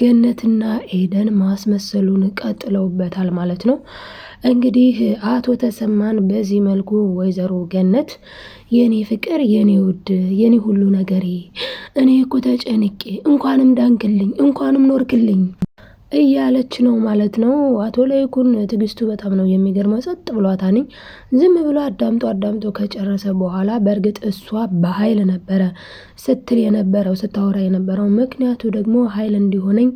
ገነትና ኤደን ማስመሰሉን ቀጥለውበታል ማለት ነው። እንግዲህ አቶ ተሰማን በዚህ መልኩ ወይዘሮ ገነት የኔ ፍቅር፣ የኔ ውድ፣ የኔ ሁሉ ነገሬ፣ እኔ እኮ ተጨንቄ እንኳንም ዳንክልኝ፣ እንኳንም ኖርክልኝ እያለች ነው ማለት ነው። አቶ ለይኩን ትግስቱ በጣም ነው የሚገርመው። ጸጥ ብሏታኒ ዝም ብሎ አዳምጦ አዳምጦ ከጨረሰ በኋላ በእርግጥ እሷ በኃይል ነበረ ስትል የነበረው ስታወራ የነበረው ምክንያቱ ደግሞ ኃይል እንዲሆነኝ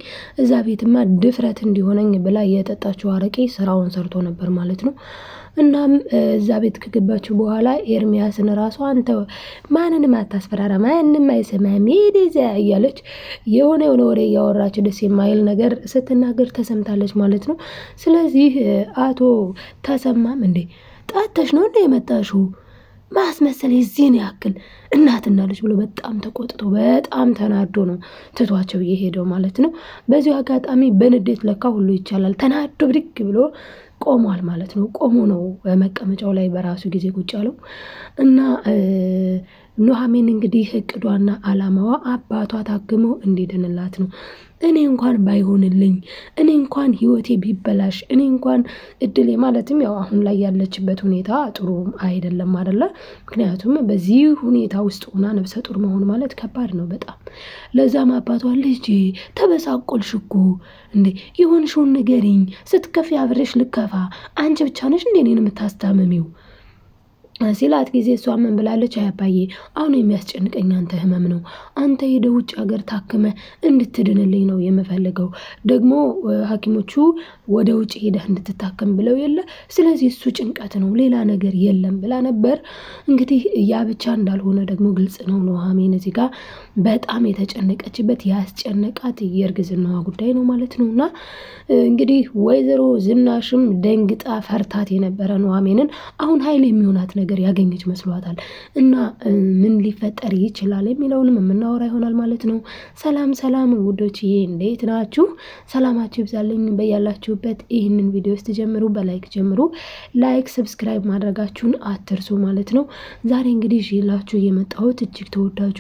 እዛ ቤትማ ድፍረት እንዲሆነኝ ብላ የጠጣችው አረቄ ስራውን ሰርቶ ነበር ማለት ነው። እናም እዛ ቤት ከገባችሁ በኋላ ኤርሚያስን ራሱ አንተ ማንንም አታስፈራራ፣ ማንም አይሰማህም ሄደ ዛ እያለች የሆነ የሆነ ወሬ እያወራችሁ ደስ የማይል ነገር ስትናገር ተሰምታለች ማለት ነው። ስለዚህ አቶ ተሰማም እንዴ ጣተሽ ነው እንደ የመጣሽው ማስመሰል የዚህን ያክል እናትና ልጅ ብሎ በጣም ተቆጥቶ በጣም ተናዶ ነው ትቷቸው እየሄደው ማለት ነው። በዚሁ አጋጣሚ በንዴት ለካ ሁሉ ይቻላል ተናዶ ብድግ ብሎ ቆሟል ማለት ነው። ቆሞ ነው መቀመጫው ላይ በራሱ ጊዜ ቁጭ ያለው እና ኑሐሚን እንግዲህ እቅዷና አላማዋ አባቷ ታክሞ እንዲድንላት ነው። እኔ እንኳን ባይሆንልኝ፣ እኔ እንኳን ህይወቴ ቢበላሽ፣ እኔ እንኳን እድሌ ማለትም ያው አሁን ላይ ያለችበት ሁኔታ ጥሩ አይደለም አይደለ? ምክንያቱም በዚህ ሁኔታ ውስጥ ሆና ነብሰ ጡር መሆን ማለት ከባድ ነው በጣም። ለዛም አባቷ ልጅ ተበሳቆልሽ እኮ እንዴ የሆንሽውን ንገሪኝ፣ ስትከፊ አብሬሽ ልከፋ፣ አንቺ ብቻ ነሽ እንዴ እኔን የምታስታምሚው ሲላት ጊዜ እሷ ምን ብላለች? አያባዬ አሁን የሚያስጨንቀኝ አንተ ህመም ነው። አንተ ሄደ ውጭ ሀገር ታክመ እንድትድንልኝ ነው የምፈልገው። ደግሞ ሐኪሞቹ ወደ ውጭ ሄደህ እንድትታከም ብለው የለ። ስለዚህ እሱ ጭንቀት ነው፣ ሌላ ነገር የለም ብላ ነበር። እንግዲህ ያ ብቻ እንዳልሆነ ደግሞ ግልጽ ነው። ኑሃሚን እዚህ ጋ በጣም የተጨነቀችበት ያስጨነቃት የእርግዝናዋ ጉዳይ ነው ማለት ነው። እና እንግዲህ ወይዘሮ ዝናሽም ደንግጣ ፈርታት የነበረ ኑሃሚንን አሁን ኃይል የሚሆናት ነገር ነገር ያገኘች መስሏታል። እና ምን ሊፈጠር ይችላል የሚለውንም የምናወራ ይሆናል ማለት ነው። ሰላም ሰላም ውዶችዬ፣ እንዴት ናችሁ? ሰላማችሁ ይብዛልኝ በያላችሁበት። ይህንን ቪዲዮ ስትጀምሩ በላይክ ጀምሩ። ላይክ፣ ሰብስክራይብ ማድረጋችሁን አትርሱ ማለት ነው። ዛሬ እንግዲህ ይዤላችሁ የመጣሁት እጅግ ተወዳጁ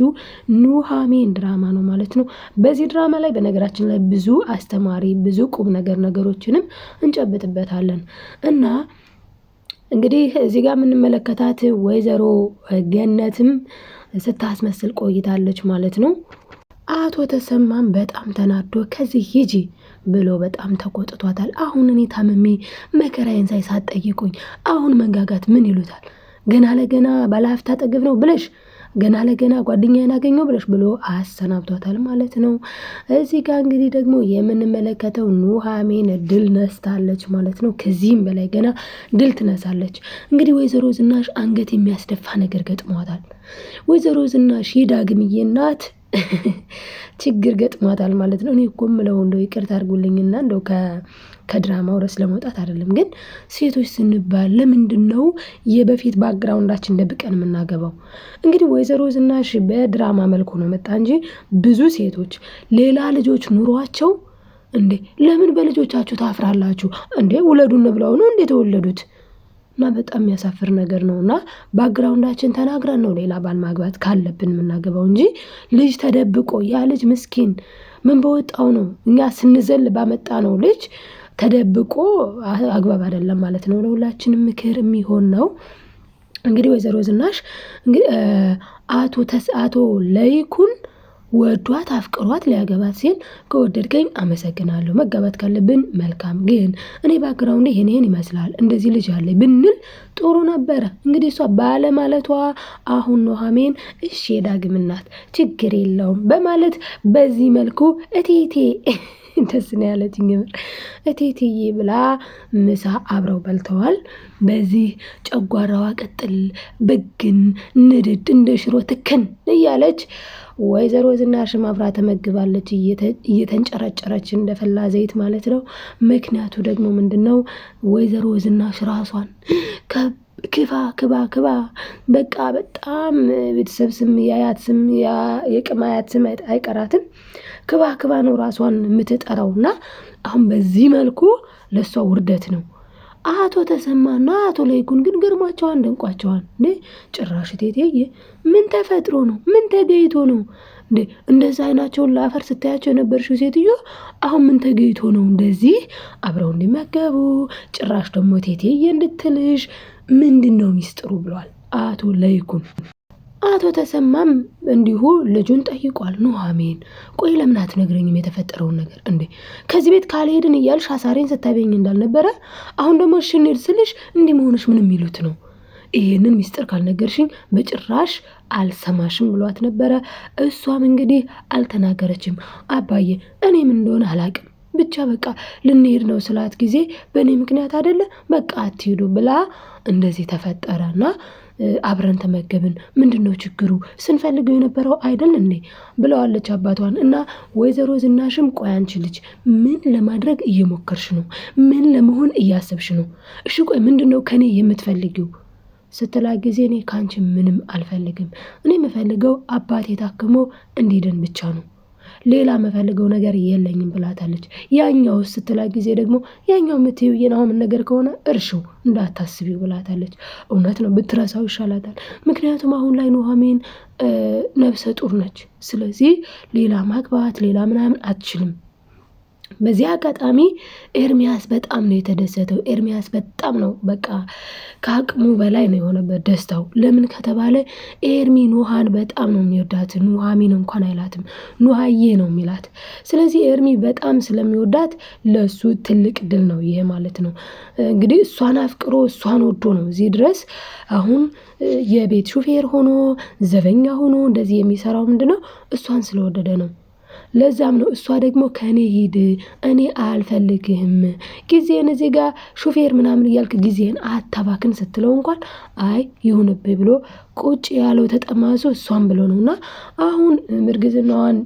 ኑሃሚን ድራማ ነው ማለት ነው። በዚህ ድራማ ላይ በነገራችን ላይ ብዙ አስተማሪ ብዙ ቁም ነገር ነገሮችንም እንጨብጥበታለን እና እንግዲህ እዚህ ጋር የምንመለከታት ወይዘሮ ገነትም ስታስመስል ቆይታለች ማለት ነው። አቶ ተሰማም በጣም ተናዶ ከዚህ ሂጂ ብሎ በጣም ተቆጥቷታል። አሁን እኔ ታምሜ መከራዬን ሳይ ጠይቁኝ፣ አሁን መንጋጋት ምን ይሉታል? ገና ለገና ባለሀብት አጠገብ ነው ብለሽ ገና ለገና ጓደኛዬን አገኘው ብለሽ ብሎ አሰናብቷታል ማለት ነው። እዚህ ጋር እንግዲህ ደግሞ የምንመለከተው ኑሐሚን ድል ነስታለች ማለት ነው። ከዚህም በላይ ገና ድል ትነሳለች። እንግዲህ ወይዘሮ ዝናሽ አንገት የሚያስደፋ ነገር ገጥሟታል። ወይዘሮ ዝናሽ የዳግምዬ እናት ችግር ገጥሟታል ማለት ነው። እኔ እኮ እንደው ይቅርታ አድርጉልኝና እንደው ከድራማው ረስ ለመውጣት አይደለም፣ ግን ሴቶች ስንባል ለምንድን ነው የበፊት ባክግራውንዳችን ደብቀን የምናገባው? እንግዲህ ወይዘሮ ዝናሽ በድራማ መልኩ ነው መጣ እንጂ ብዙ ሴቶች ሌላ ልጆች ኑሯቸው እንዴ ለምን በልጆቻችሁ ታፍራላችሁ እንዴ ውለዱን ብለው ነው እንዴ የተወለዱት? እና በጣም የሚያሳፍር ነገር ነው። እና ባክግራውንዳችን ተናግረን ነው ሌላ ባል ማግባት ካለብን የምናገባው እንጂ ልጅ ተደብቆ ያ ልጅ ምስኪን ምን በወጣው ነው እኛ ስንዘል ባመጣ ነው ልጅ ተደብቆ አግባብ አይደለም ማለት ነው። ለሁላችንም ምክር የሚሆን ነው። እንግዲህ ወይዘሮ ዝናሽ አቶ አቶ ለይኩን ወዷት አፍቅሯት ሊያገባት ሲል ከወደድከኝ አመሰግናለሁ፣ መጋባት ካለብን መልካም፣ ግን እኔ ባግራውንዴ ይሄን ይመስላል እንደዚህ ልጅ አለ ብንል ጥሩ ነበረ። እንግዲህ እሷ ባለማለቷ አሁን ኑሃሜን እሺ የዳግምናት ችግር የለውም በማለት በዚህ መልኩ እቴቴ ደስ ነው ያለችኝ። እቴትዬ ብላ ምሳ አብረው በልተዋል። በዚህ ጨጓራዋ ቅጥል ብግን ንድድ እንደ ሽሮ ትክን እያለች ወይዘሮ ዝናሽም ማብራ ተመግባለች፣ እየተንጨረጨረች እንደፈላ ዘይት ማለት ነው። ምክንያቱ ደግሞ ምንድን ነው? ወይዘሮ ዝናሽ ራሷን ክባ ክባ ክባ በቃ በጣም ቤተሰብ ስም ያያት ስም የቅማያት ስም አይቀራትም። ክባ ክባ ነው ራሷን እና አሁን በዚህ መልኩ ለእሷ ውርደት ነው። አቶ ተሰማና አቶ ለይኩን ግን ገርማቸዋን ደንቋቸዋል። እንዴ ጭራሽ ቴቴየ ምን ተፈጥሮ ነው? ምን ተገይቶ ነው እንዴ እንደዛ አይናቸውን ለአፈር ስታያቸው የነበርሽው ሴትዮ አሁን ምን ተገይቶ ነው እንደዚህ አብረው እንዲመገቡ ጭራሽ ደግሞ ቴቴየ እንድትልሽ ምንድን ነው ሚስጥሩ? ብሏል አቶ ለይኩን። አቶ ተሰማም እንዲሁ ልጁን ጠይቋል። ኑሐሚን ቆይ ለምን አትነግረኝም የተፈጠረውን ነገር? እንዴ ከዚህ ቤት ካልሄድን እያልሽ አሳሬን ስታበኝ እንዳልነበረ አሁን ደግሞ እሺ እንሂድ ስልሽ እንዲህ መሆንሽ ምን የሚሉት ነው? ይህንን ሚስጥር ካልነገርሽኝ በጭራሽ አልሰማሽም ብሏት ነበረ። እሷም እንግዲህ አልተናገረችም። አባዬ እኔም እንደሆነ አላቅም ብቻ በቃ ልንሄድ ነው ስላት ጊዜ በእኔ ምክንያት አይደለ በቃ አትሄዱ ብላ እንደዚህ ተፈጠረና አብረን ተመገብን፣ ምንድን ነው ችግሩ? ስንፈልገው የነበረው አይደል እንዴ ብለዋለች አባቷን እና ወይዘሮ ዝናሽም ቆይ አንቺ ልጅ ምን ለማድረግ እየሞከርሽ ነው? ምን ለመሆን እያሰብሽ ነው? እሺ ቆይ ምንድን ነው ከኔ የምትፈልጊው ስትላ ጊዜ እኔ ከአንቺ ምንም አልፈልግም። እኔ የምፈልገው አባቴ ታክሞ እንዲድን ብቻ ነው ሌላ መፈልገው ነገር የለኝም ብላታለች። ያኛው ስትላ ጊዜ ደግሞ ያኛው የምትይው የናሆምን ነገር ከሆነ እርሺው እንዳታስቢው ብላታለች። እውነት ነው ብትረሳው ይሻላታል። ምክንያቱም አሁን ላይ ኑሐሚን ነብሰ ጡር ነች። ስለዚህ ሌላ ማግባት ሌላ ምናምን አትችልም። በዚህ አጋጣሚ ኤርሚያስ በጣም ነው የተደሰተው። ኤርሚያስ በጣም ነው በቃ ከአቅሙ በላይ ነው የሆነበት ደስታው። ለምን ከተባለ ኤርሚ ኑሃን በጣም ነው የሚወዳት። ኑሃሚን እንኳን አይላትም፣ ኑሃዬ ነው የሚላት። ስለዚህ ኤርሚ በጣም ስለሚወዳት ለሱ ትልቅ ድል ነው ይሄ ማለት ነው። እንግዲህ እሷን አፍቅሮ እሷን ወዶ ነው እዚህ ድረስ አሁን የቤት ሹፌር ሆኖ ዘበኛ ሆኖ እንደዚህ የሚሰራው ምንድነው እሷን ስለወደደ ነው። ለዛም ነው እሷ ደግሞ ከእኔ ሂድ፣ እኔ አልፈልግህም፣ ጊዜን እዚህ ጋር ሹፌር ምናምን እያልክ ጊዜን አታባክን ስትለው እንኳን አይ ይሁንብህ ብሎ ቁጭ ያለው ተጠማዞ እሷን ብሎ ነው እና አሁን እርግዝናዋን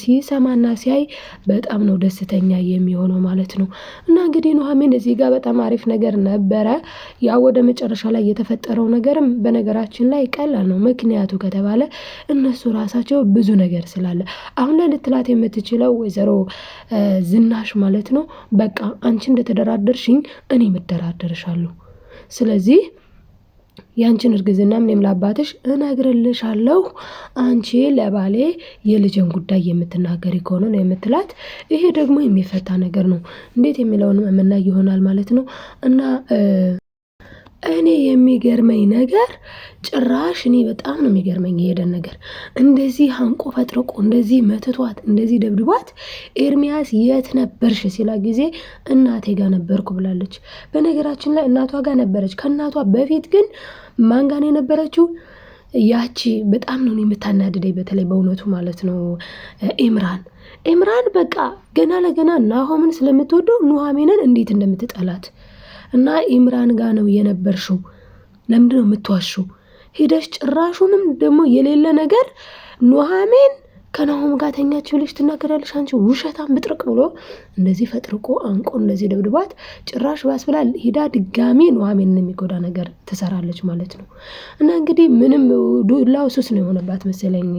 ሲሰማና ሲያይ በጣም ነው ደስተኛ የሚሆነው ማለት ነው። እና እንግዲህ ኑሐሚን እዚህ ጋር በጣም አሪፍ ነገር ነበረ። ያ ወደ መጨረሻ ላይ የተፈጠረው ነገርም በነገራችን ላይ ቀላል ነው። ምክንያቱ ከተባለ እነሱ ራሳቸው ብዙ ነገር ስላለ አሁን ላይ ልትላት የምትችለው ወይዘሮ ዝናሽ ማለት ነው በቃ አንቺ እንደተደራደርሽኝ እኔ ምደራደርሻለሁ ስለዚህ ያንቺን እርግዝና ምንም ለአባትሽ እነግርልሻለሁ አንቺ ለባሌ የልጅን ጉዳይ የምትናገሪ ከሆነ ነው የምትላት። ይሄ ደግሞ የሚፈታ ነገር ነው። እንዴት የሚለውንም የምናይ ይሆናል ማለት ነው እና እኔ የሚገርመኝ ነገር ጭራሽ እኔ በጣም ነው የሚገርመኝ የሄደን ነገር እንደዚህ አንቆ ፈጥርቆ እንደዚህ መትቷት እንደዚህ ደብድቧት ኤርሚያስ የት ነበርሽ ሲላ ጊዜ እናቴ ጋር ነበርኩ ብላለች። በነገራችን ላይ እናቷ ጋር ነበረች። ከእናቷ በፊት ግን ማን ጋር ነው የነበረችው? ያቺ በጣም ነው የምታናድደኝ፣ በተለይ በእውነቱ ማለት ነው ኤምራን ኤምራን በቃ ገና ለገና ናሆምን ስለምትወደው ኑሐሚንን እንዴት እንደምትጠላት እና ኢምራን ጋ ነው የነበርሽው። ለምንድን ነው የምትዋሽው? ሄደሽ ጭራሹንም ደግሞ የሌለ ነገር ኑሐሚን ከናሆም ጋር ተኛች ብለሽ ትናገራለሽ። አንቺ ውሸታም ብጥርቅ ብሎ እንደዚህ ፈጥርቆ አንቆ እንደዚህ ደብድባት ጭራሽ ባስ ብላ ሂዳ ድጋሚ ኑሐሚንን የሚጎዳ ነገር ትሰራለች ማለት ነው። እና እንግዲህ ምንም ዱላው ሱስ ነው የሆነባት መሰለኝ።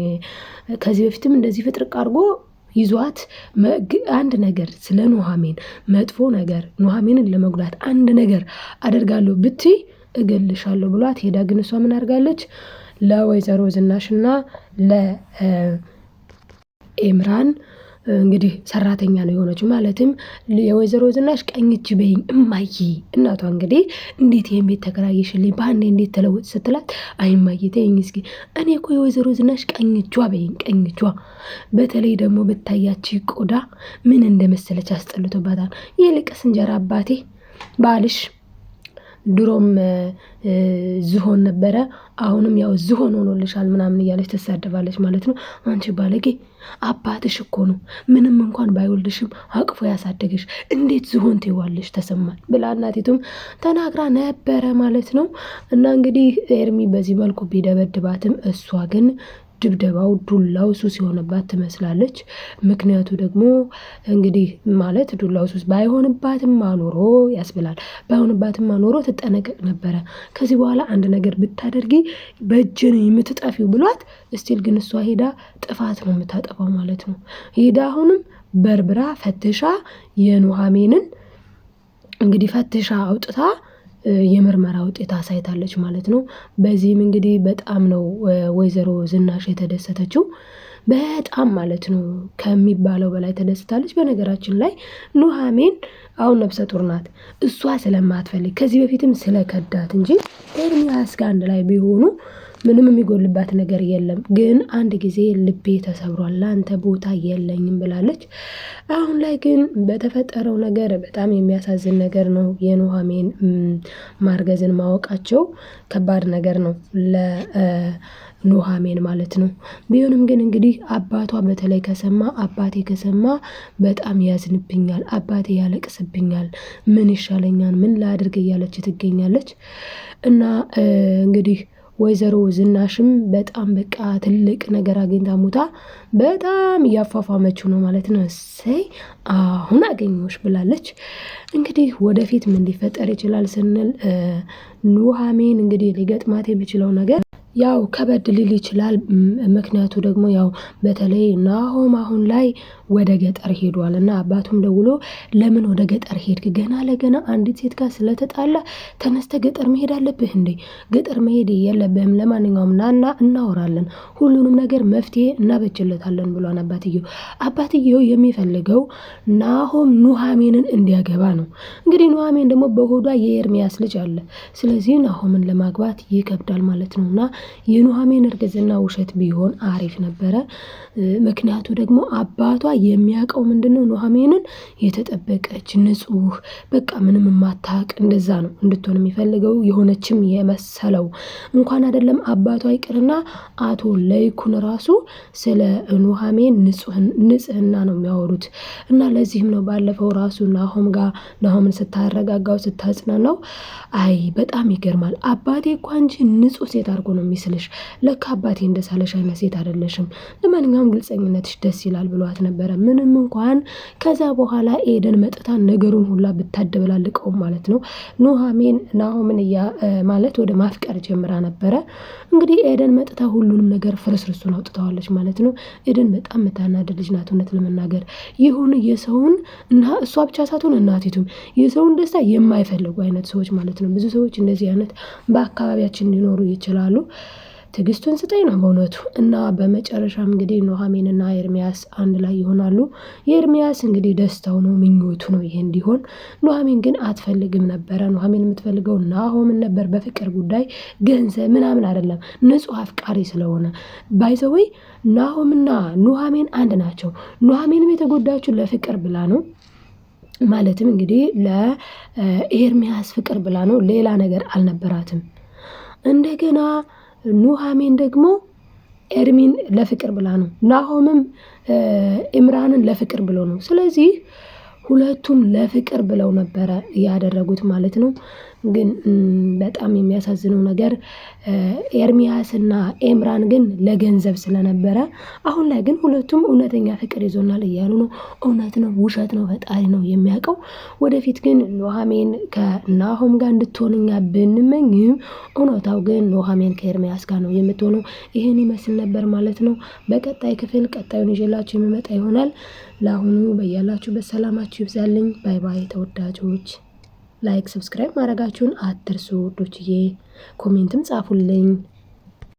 ከዚህ በፊትም እንደዚህ ፍጥርቅ አድርጎ ይዟት አንድ ነገር ስለ ኑሐሚን መጥፎ ነገር ኑሐሚንን ለመጉዳት አንድ ነገር አደርጋለሁ ብቲ እገልሻለሁ ብሏት ሄዳ ግን እሷ ምን አድርጋለች? ለወይዘሮ ዝናሽና ለኤምራን እንግዲህ ሰራተኛ ነው የሆነችው። ማለትም የወይዘሮ ዝናሽ ቀኝ እጅ በይኝ እማዬ። እናቷ እንግዲህ እንዴት ይህን ቤት ተከራየሽልኝ በአንዴ እንዴት ተለወጥ ስትላት፣ አይ እማዬ ተይኝ እስኪ እኔ እኮ የወይዘሮ ዝናሽ ቀኝ እጇ በይኝ ቀኝ እጇ። በተለይ ደግሞ ብታያች ቆዳ ምን እንደመሰለች አስጠልቶባታል። ይልቅስ እንጀራ አባቴ ባልሽ ድሮም ዝሆን ነበረ፣ አሁንም ያው ዝሆን ሆኖልሻል ምናምን እያለች ትሳደባለች ማለት ነው። አንቺ ባለጌ አባትሽ እኮ ነው ምንም እንኳን ባይወልድሽም አቅፎ ያሳደገሽ እንዴት ዝሆን ትዋለሽ ተሰማል ብላ እናቲቱም ተናግራ ነበረ ማለት ነው። እና እንግዲህ ኤርሚ በዚህ መልኩ ቢደበድባትም እሷ ግን ድብደባው፣ ዱላው ሱስ የሆነባት ትመስላለች። ምክንያቱ ደግሞ እንግዲህ ማለት ዱላው ሱስ ባይሆንባትም አኖሮ ያስብላል። ባይሆንባትም አኖሮ ትጠነቀቅ ነበረ። ከዚህ በኋላ አንድ ነገር ብታደርጊ በእጅ ነው የምትጠፊው ብሏት፣ እስቲል ግን እሷ ሄዳ ጥፋት ነው የምታጠፋው ማለት ነው። ሄዳ አሁንም በርብራ ፈትሻ የኑሐሚንን እንግዲህ ፈትሻ አውጥታ የምርመራ ውጤት አሳይታለች ማለት ነው። በዚህም እንግዲህ በጣም ነው ወይዘሮ ዝናሽ የተደሰተችው። በጣም ማለት ነው ከሚባለው በላይ ተደስታለች። በነገራችን ላይ ኑሐሚን አሁን ነፍሰ ጡር ናት። እሷ ስለማትፈልግ ከዚህ በፊትም ስለከዳት እንጂ ኤርሚያስ ጋር አንድ ላይ ቢሆኑ ምንም የሚጎልባት ነገር የለም። ግን አንድ ጊዜ ልቤ ተሰብሯል፣ ለአንተ ቦታ የለኝም ብላለች። አሁን ላይ ግን በተፈጠረው ነገር በጣም የሚያሳዝን ነገር ነው። የኑሃሜን ማርገዝን ማወቃቸው ከባድ ነገር ነው ለኑሃሜን ማለት ነው። ቢሆንም ግን እንግዲህ አባቷ በተለይ ከሰማ አባቴ ከሰማ በጣም ያዝንብኛል፣ አባቴ ያለቅስብኛል፣ ምን ይሻለኛል፣ ምን ላድርግ እያለች ትገኛለች እና እንግዲህ ወይዘሮ ዝናሽም በጣም በቃ ትልቅ ነገር አግኝታ ሙታ በጣም እያፋፋመችው ነው ማለት ነው። እሰይ አሁን አገኘሁሽ ብላለች። እንግዲህ ወደፊት ምን ሊፈጠር ይችላል ስንል ኑሃሜን እንግዲህ ሊገጥማት የሚችለው ነገር ያው ከበድ ሊል ይችላል። ምክንያቱ ደግሞ ያው በተለይ ናሆም አሁን ላይ ወደ ገጠር ሄዷል እና አባቱም ደውሎ ለምን ወደ ገጠር ሄድክ? ገና ለገና አንዲት ሴት ጋር ስለተጣላ ተነስተ ገጠር መሄድ አለብህ እንዴ? ገጠር መሄድ የለብህም። ለማንኛውም ናና እናወራለን፣ ሁሉንም ነገር መፍትሄ እናበጅለታለን ብሏን አባትየው። አባትየው የሚፈልገው ናሆም ኑሃሜንን እንዲያገባ ነው። እንግዲህ ኑሃሜን ደግሞ በሆዷ የኤርሚያስ ልጅ አለ። ስለዚህ ናሆምን ለማግባት ይከብዳል ማለት ነውና የኑሐሚን እርግዝና ውሸት ቢሆን አሪፍ ነበረ። ምክንያቱ ደግሞ አባቷ የሚያውቀው ምንድነው ነው ኑሐሚንን የተጠበቀች ንጹህ በቃ ምንም የማታቅ እንደዛ ነው እንድትሆን የሚፈልገው የሆነችም የመሰለው እንኳን አይደለም አባቷ ይቅርና አቶ ለይኩን ራሱ ስለ ኑሐሚን ንጽህና ነው የሚያወሩት እና ለዚህም ነው ባለፈው ራሱ ናሆም ጋር ናሆምን ስታረጋጋው ስታጽናናው፣ አይ በጣም ይገርማል አባቴ እኳ እንጂ ንጹህ ሴት አድርጎ ነው የሚስልሽ ለካ አባቴ እንደሳለሽ አይነት ሴት አይደለሽም፣ ለማንኛውም ግልጸኝነትሽ ደስ ይላል ብሏት ነበረ። ምንም እንኳን ከዛ በኋላ ኤደን መጥታ ነገሩን ሁላ ብታደበላልቀውም ማለት ነው ኑሐሚን ናሆምን እያ ማለት ወደ ማፍቀር ጀምራ ነበረ። እንግዲህ ኤደን መጥታ ሁሉንም ነገር ፍርስርሱን አውጥተዋለች ማለት ነው። ኤደን በጣም የምታናድድ ልጅ ናት እውነት ለመናገር ይሁን የሰውን እና እሷ ብቻ ሳትሆን እናቲቱም የሰውን ደስታ የማይፈልጉ አይነት ሰዎች ማለት ነው። ብዙ ሰዎች እንደዚህ አይነት በአካባቢያችን ሊኖሩ ይችላሉ። ትግስቱን ስጠኝ ነው በእውነቱ። እና በመጨረሻም እንግዲህ ኑሐሚንና ኤርሚያስ አንድ ላይ ይሆናሉ። የኤርሚያስ እንግዲህ ደስታው ነው ምኞቱ ነው ይሄ እንዲሆን። ኑሐሚን ግን አትፈልግም ነበረ። ኑሐሚን የምትፈልገው ናሆምን ነበር፣ በፍቅር ጉዳይ ገንዘብ ምናምን አይደለም። ንጹሕ አፍቃሪ ስለሆነ ባይዘወይ ናሆምና ኑሐሚን አንድ ናቸው። ኑሐሚንም የተጎዳችው ለፍቅር ብላ ነው ማለትም እንግዲህ ለኤርሚያስ ፍቅር ብላ ነው። ሌላ ነገር አልነበራትም እንደገና ኑሃሜን ደግሞ ኤርሚን ለፍቅር ብላ ነው። ናሆምም ኢምራንን ለፍቅር ብሎ ነው። ስለዚህ ሁለቱም ለፍቅር ብለው ነበረ ያደረጉት ማለት ነው። ግን በጣም የሚያሳዝነው ነገር ኤርሚያስና ኤምራን ግን ለገንዘብ ስለነበረ፣ አሁን ላይ ግን ሁለቱም እውነተኛ ፍቅር ይዞናል እያሉ ነው። እውነት ነው፣ ውሸት ነው፣ ፈጣሪ ነው የሚያውቀው። ወደፊት ግን ኑሐሚን ከናሆም ጋር እንድትሆንኛ ብንመኝም እውነታው ግን ኑሐሚን ከኤርሚያስ ጋር ነው የምትሆነው። ይህን ይመስል ነበር ማለት ነው። በቀጣይ ክፍል ቀጣዩን ይዤላችሁ የሚመጣ ይሆናል። ለአሁኑ በያላችሁ በሰላማችሁ ይብዛልኝ። ባይ ባይ ተወዳጆች። ላይክ፣ ሰብስክራይብ ማድረጋችሁን አትርሱ ውዶችዬ። ኮሜንትም ጻፉልኝ።